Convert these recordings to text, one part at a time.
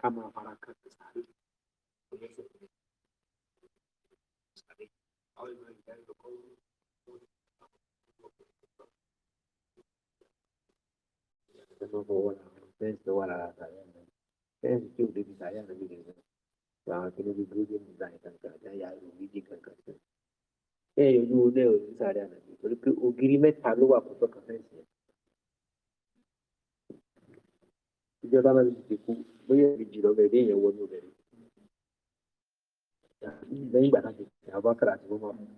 kama baraka penzi wala penzi tu lilisaya na vile na kile vizuri mzani kanka ya ya viji kanka eh yoyu leo sare na vile ogiri methalo wa kutoka penzi ìjọba bóyá ìjì lọ́bẹ̀ dé ìyẹn wọnú rẹ̀ lẹ́yìn ìgbà láti àwọn àkàrà àti wọ́n máa fún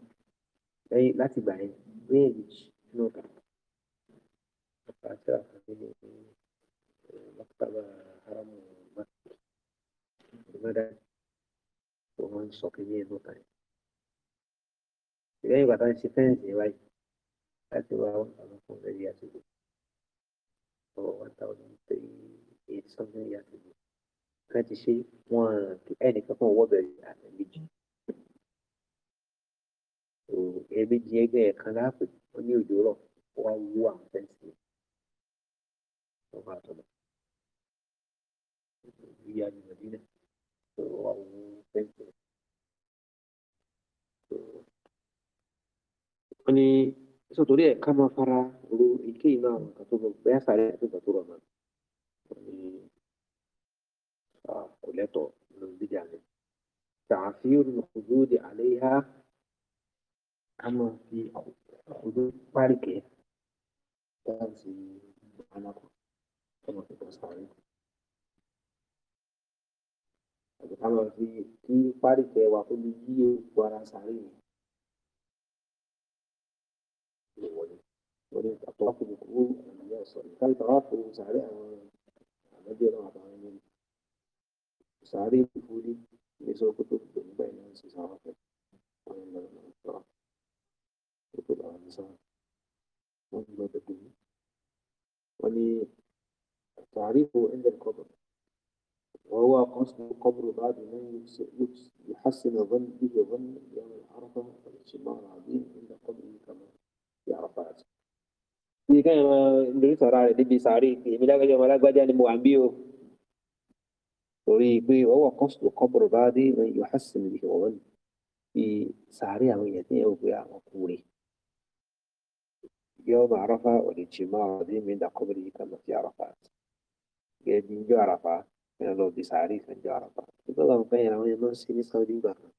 lẹ́yìn láti gbà yẹn bóyá ìjì nínú ọ̀tà ọ̀tà o àfọ̀dé ní mọ́tàbà haramu mọ́tàbà ìmọ̀dá tó wọ́n ń sọ kí ní eu ọ̀tà yẹn. lẹ́yìn sọ́nà ìyàtọ̀ kan ti ṣe wọn ẹnìkan kan wọ́ bẹ̀rẹ̀ àtẹ̀méjì ẹ̀ẹ̀mejì ẹgbẹ́ ẹ̀kan láàpẹ̀ ó ní òjò rọ̀ ó wá wú àwọn fẹ́ǹsì ọba àtọ̀nà ìyá ni mọ̀dínà ó wá wú fẹ́ǹsì ó ní sọ̀tòrí ẹ̀ ká máa fara ro èkéyìí náà àwọn kan tó lọ bẹ́ẹ̀ sáré àti ìgbà tó rọ̀ náà. Leto دي جانب تعفير الحدود عليها أما في حدود مالكة kama fi kí parí di kó lè yí òkú ara sáré yìí lè wọlé wọlé àtọwáfò kúrú àwọn ìyá ọsọ Ada dia orang. સારી પૂરી نزوجته بين انزعاجه ومن الأنفاق وفي الأنزال والمدد ولتعريفه عند القبر وهو قصد القبر بعد من يحسن ظن به ظن يوم العرفة والاجتماع العظيم عند قبره كما في عرفات. إذا كان اللي ترى على دبي سعري ملاك جمالك بدأ المعمبيو torí pé ọwọ́ kan sọ̀rọ̀ kan bọ̀rọ̀ bá dé wọn yóò hásìn níbi ìwọ̀n wọn bí sàárè àwọn èèyàn tí yẹn ò gbé àwọn kú rè yóò máa rọ́fà òdìjì máa ọ̀dí mi dàkọ́bìrì yìí kan lọ sí àràfà gẹ́gẹ́ bí njọ́ àràfà fẹ́ràn lọ bí sàárè kan njọ́ àràfà nígbà wọn fẹ́ yẹn àwọn yẹn máa ń ṣe ní Saudi gbà kan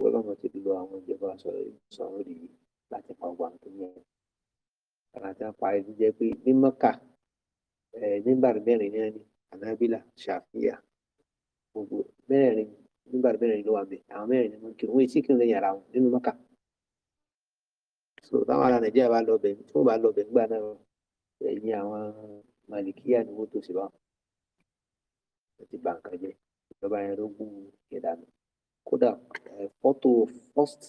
wọ́n lọ́mọ ti lo àwọn ìjọba sọ̀rọ̀ Saudi yìí láti pa ọgbà tó yẹn àti apá ẹni jẹ́ pé ní Mọ́kà ẹ̀ nígbà mẹ́rin náà ni anábìlà ṣàfihàn mẹ́rẹ̀ẹ̀rin nígbà mẹ́rẹ̀ẹ̀rin ló wà bẹ̀ àwọn mẹ́rin ni wọ́n kí wọ́n etí kí n lè yàrá wọn nínú mọ́kà so táwọn ará nàìjíríà bá lọ bẹ̀ tí wọ́n bá lọ bẹ̀ nígbà náà ẹ̀yìn àwọn màlìkíyà ni wọ́n tó sì bá wọn ti bà nǹkan jẹ́ ìjọba yẹn ló gún ìdànù kódà fọ́tò eh, first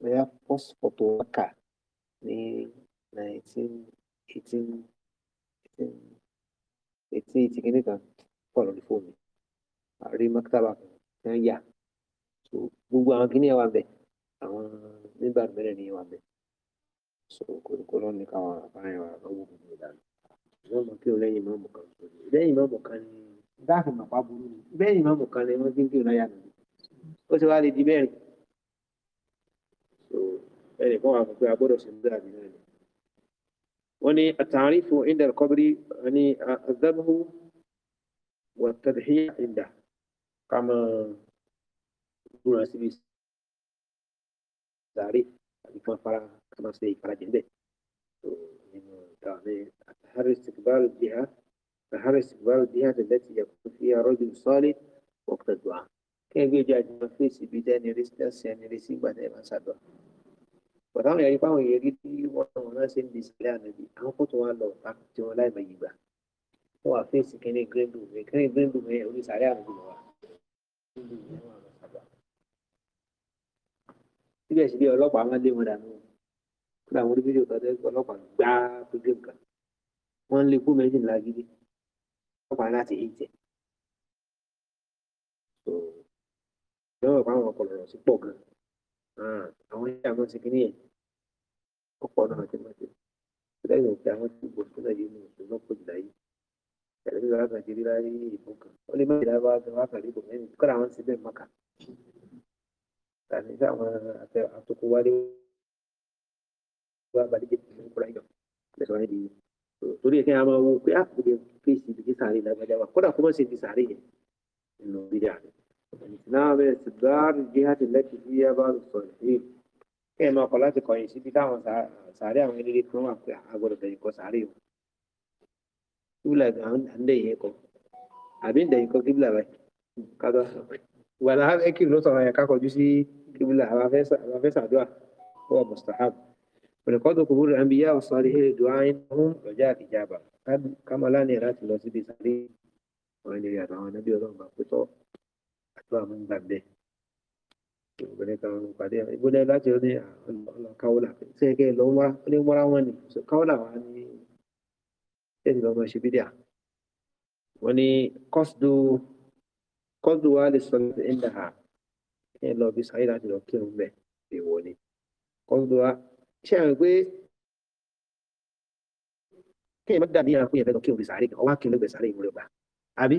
bóyá first fọ́tò mọ́kà ní nineteen eighteen eighteen eighteen eighty kìíní kan pọ̀ lórí fóònù rí mọ́kítàbà ya yà so gbogbo àwọn kìnìyàn wà bẹ́ẹ̀ àwọn nígbà mẹ́rẹ̀ ni wà bẹ́ẹ̀ so kòrìkò lọ́n ní káwọn àbáyọ àwọn gbogbo ìlànà wọ́n mọ̀ kí o lẹ́yìn mọ́mù kan lẹ́yìn mọ́mù kan ni dáàfin mọ̀pá burú ni lẹ́yìn mọ́mù kan ni wọ́n ti ń kí na ya nù ó se wá lè di mẹ́rin so ẹnì kan wà fún pé a gbọ́dọ̀ ṣe ń gbé àbí náà ni wọ́n ní àtàrífù ìndà kọ́bírí ní àzábùhù wàtàdìhíyà ìndà. Kamu Bruno bisa dari يكون para فرنسي فرع جديد هل استقبال الدعاء فهل استقبال الدعاء التي يكون فيها رجل صالح وقت الدعاء كيف يجعل في بداية رسالة سنة رسالة بعد ما سبق Bàtàwọn yẹn fáwọn èèyàn di sílẹ̀ ànábì, àwọn kò tó wá lọ ta tí wọ́n láì mọ̀ yìí gbà. Wọ́n wà fèsì kínní gíríndù mi, síbẹ̀síbẹ̀ ọlọ́pàá máa lé wọn dànù kódà wọn rí fídíò kan tẹ́ ọlọ́pàá gbá gbégbé nǹkan wọ́n lé kó méjì ńlá gidi ọlọ́pàá láti yí jẹ. lọ́wọ́ pa àwọn ọkọlọ̀ rọ̀ sí pọ̀ gan ah, àwọn ilé àwọn ti kíní yẹn ọ̀pọ̀ náà ti máa ṣe lẹ́yìn òkè àwọn ti gbòòrò tó náà yé mi ìṣòro jù láyé tẹ̀lé bí wàá kàjé rí láyé ìbò kan ó lè méjìlá bá gan wàá kàlẹ́ ìbò mẹ́rin kọ́ra àwọn ti bẹ́ẹ̀ mọ́ka tàbí sáwọn àtòkò wálé wá balẹ̀ jẹ́ ìlú kúrẹ́ yọ lẹ́sọ̀ rẹ̀ di torí ẹ̀kẹ́ a máa wo pé a ah, kò lè fèsì ìdíje sàárè lágbájá wa kódà kó má ṣe ti sàárè yẹn nínú bíi àná náà bẹ̀rẹ̀ sí gbáàrú jihad lẹ́tì bí yá bá lù sọ̀rọ̀ yìí kẹ́ máa kọ kibla ga an da yi ko abin da yi ko kibla bai ka zo wala har ake lo sama ya kako jusi kibla ba fesa ba fesa du'a huwa mustahab wal qadu qubur al anbiya wa salihin du'aihum wa ja'a ijaba kama la ni rat lo sibi sari wa ni ya tawana nabi Allah ba ko to atwa mun gabbe ibùdó kan pàdé ibùdó láti ọ ní àwọn kawula ṣe é ké lọ́wọ́ ní wọ́n ra wọn ni kawula wa ni ẹni bàbá ṣe bídíà wọn ni kọ́sùdù kọ́sùdù wa lè sọ ní ẹ̀ńdà ha ẹ lọ bí sáyé láti lọ kí òun bẹ èèwọ̀ ni kọ́sùdù wa ṣe àwọn pé kí ẹ̀yìn má dà níyàn pé ẹ̀fẹ́ lọ kí òun bí sáré ọwọ́ kí òun lọ́gbẹ̀ sáré ìmúlẹ̀ gbà àbí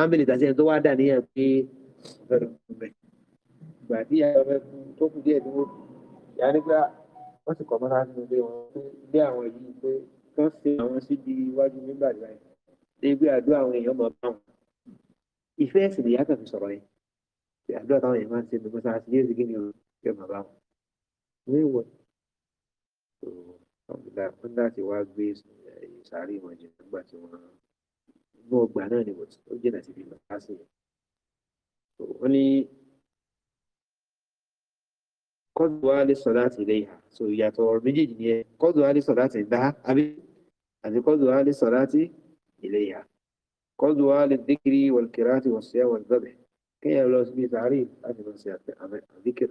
ámbìlì tàbí ẹni tó wá dà níyàn pé ẹ̀fẹ́ lọ kí òun bẹ̀ ìgbà tí ìyá ọmọ ẹkùn tó kù díẹ̀ dúró nígbà ah, wọ́n sì kọ̀ mọ́ra nínú ilé wọn pé ilé àwọn yìí pé kán ṣe àwọn síbi iwájú nígbà ìgbà yẹn débi àdúrà àwọn èèyàn mọ̀ bá wọn ìfẹ́ ẹ̀sìn lè yàtọ̀ fi sọ̀rọ̀ yẹn àdúrà táwọn èèyàn máa ń ṣe ní mọ́sáàsì yéèzì kí ni o yóò mọ̀ bá wọn. wọ́n wọ̀ wọ́n láti wá gbé eh, sàárì wọn jẹ nígbà tí wọ́n inú ọgbà náà ni ó jìnà síbi mọ́sáàsì yẹn. wọ́n ní kọ́dù wa lè sọ láti ilé ìhà so ìyàtọ̀ ọ̀rọ̀ méjèèjì ni ẹ kọ́dù wa lè sọ láti dá abẹ́ هذه قدوة للصلاة إليها قدوة للذكر والقراءة والصيام والذبح كي يبلغ اسمي تعريف هذه من الذكر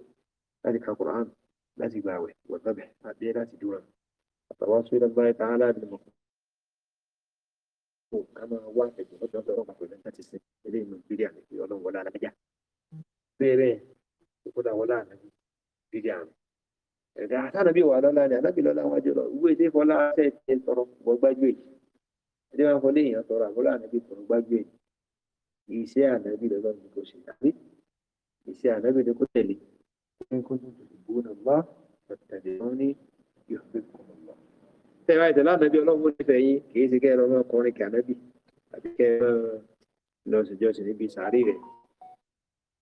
هذه القرآن لا تباوي والذبح هذه لا تدور التواصل إلى الله تعالى بالمقدس كما واحد من قدوة الأمة في الأنتات السنة من بريان يقولون ولا نجاح بيبي يقولون ولا نجاح بريان ẹ̀dá àtànàbí wà lọ́la ni ànábì lọ́la wọn jùlọ ìwé ìdí fọlá ṣe ti ń tọrọ gbọ́ gbájú èyí ìdí wọn fọlé èèyàn tọrọ àbúrò ànábì tọrọ gbájú èyí iṣẹ́ ànábì lọ́la ni kò ṣe tàbí iṣẹ́ ànábì ni kò tẹ̀lé ń kó tó tòṣì bó nà bá tàbí wọn ní ìfẹ́ kọ̀ọ̀ lọ. tẹ́wá ìtẹ̀lá ànábì ọlọ́run ní fẹ́ yín kì í ṣe kẹ́ẹ̀rọ ọmọkùnrin kì ànábì àbí kẹ́ẹ̀rọ lọ níbi sàárì rẹ̀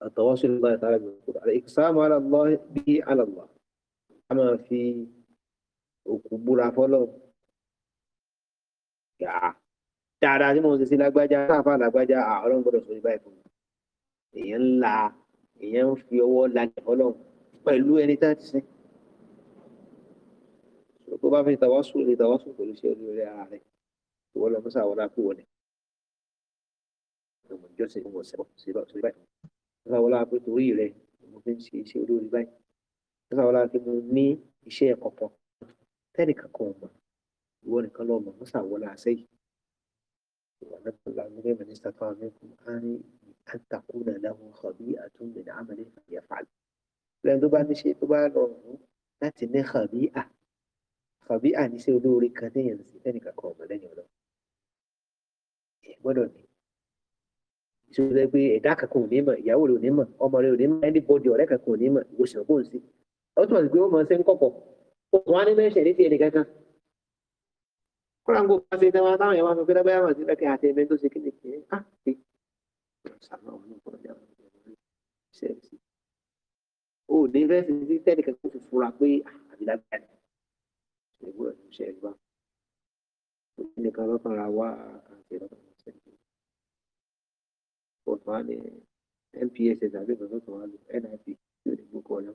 àtọwọ́sí lọ́la ìtàlẹ́ máa fi òkú búra fọ́lọ̀ yà dáadáa tí mo ń ṣe sí lágbájá káfá lágbájá ọlọ́run gbọ́dọ̀ sọ ibà ìfún èèyàn ńlá èèyàn ń fi ọwọ́ lálẹ́ fọ́lọ̀ pẹ̀lú ẹni tá ti sìn tó bá fi tàwásù lè tàwásù pẹ̀lú iṣẹ́ olórí ara rẹ̀ ìwọ lọ mọ́sá àwọn aláàpò wọlé ọmọ ìjọsìn ìwọ̀n sẹ́wọ̀n sí báyìí mọ́sá àwọn aláàpò torí rẹ̀ mo fi ń ṣe iṣẹ́ olórí báyìí nígbà wọn láti mo ní iṣẹ́ ọ̀pọ̀ tẹ́lẹ̀ kankan ọ̀mọ̀ ìwọ nìkan lọ́mọ wọ́n ṣàwọlá sẹ́yìn ونبلغ من استطاع منكم أن أن تكون له خبيئة من عمله فليفعل لأن tó bá ní ṣe tó bá lọ rùn láti ní kàbíà kàbíà ní sí olóore kan téèyàn sí ẹnìkan kan ọmọ lẹ́yìn ọlọ ìṣòro pé ẹ̀dá kankan ò ní mọ̀ ìyàwó rẹ̀ ò ní mọ̀ ọmọ rẹ̀ ò ní mọ̀ ẹnìbọdì ọ̀rẹ́ kankan ò ní mọ̀ ìwòsàn kò sí ó túmọ̀ sí pé ó mọ̀ ṣe ń kọ̀kọ̀ ó kàn wá ní mẹ́ṣẹ̀ ní ti ẹnì kankan kóra ń gbòòkó ṣe tẹ́wọ́n táwọn yẹn wá sọ pé lábẹ́ àwọn àti lẹ́kẹ̀ẹ́ àti ẹ̀mẹ́ tó ṣe kí ni kì í á pé ṣàlọ́ ọ̀hún ní kọ́ọ̀dà ọ̀hún ní ọ̀hún ṣe é sí. o ò ní rẹ́sì sí tó fura pé àbí lábẹ́ àti ìgbọ́ ẹ̀hún ṣe é gbá. nìkan lọ́kàn ra wá àti lọ́kàn ra ṣe é gbá. ọ̀tún á ní NPSS àbí ìgbà NIP yóò ní gbogbo ọ̀yọ́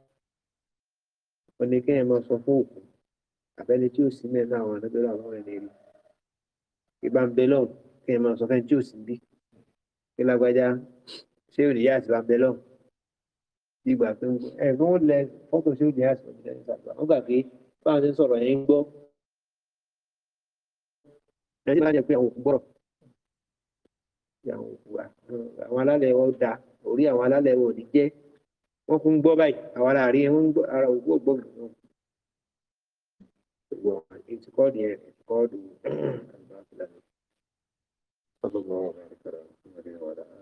wọn ni kẹ́yìn máa sọ fún òkú àbẹ́ni tí ò sí mẹ́rin àwọn àdọ́gbẹ́rẹ́ àwọn ẹni rí ìbá ń bẹ lọ́hùn kẹ́yìn máa sọ fẹ́ni tí ò sí bí kí lágbájá ṣé ò níyà àti bá ń bẹ lọ́hùn ìgbà tó ń gbọ́ ẹ̀gbọ́n ó lẹ fọ́tò ṣé ò níyà àti bá ń bẹ lọ́hùn wọ́n gbà pé báwọn ti ń sọ̀rọ̀ yẹn ń gbọ́ ẹ̀jẹ̀ bá jẹ́ pé àwọn òkú gbọ́rọ̀ wọ́n kún gbọ́ báyìí àwọn ará rí wọ́n gbọ́ ara ògbó gbọ́ gbọ́ gbọ́ ètò kọ́ọ̀dù yẹn kọ́ọ̀dù àgbà fúlàní.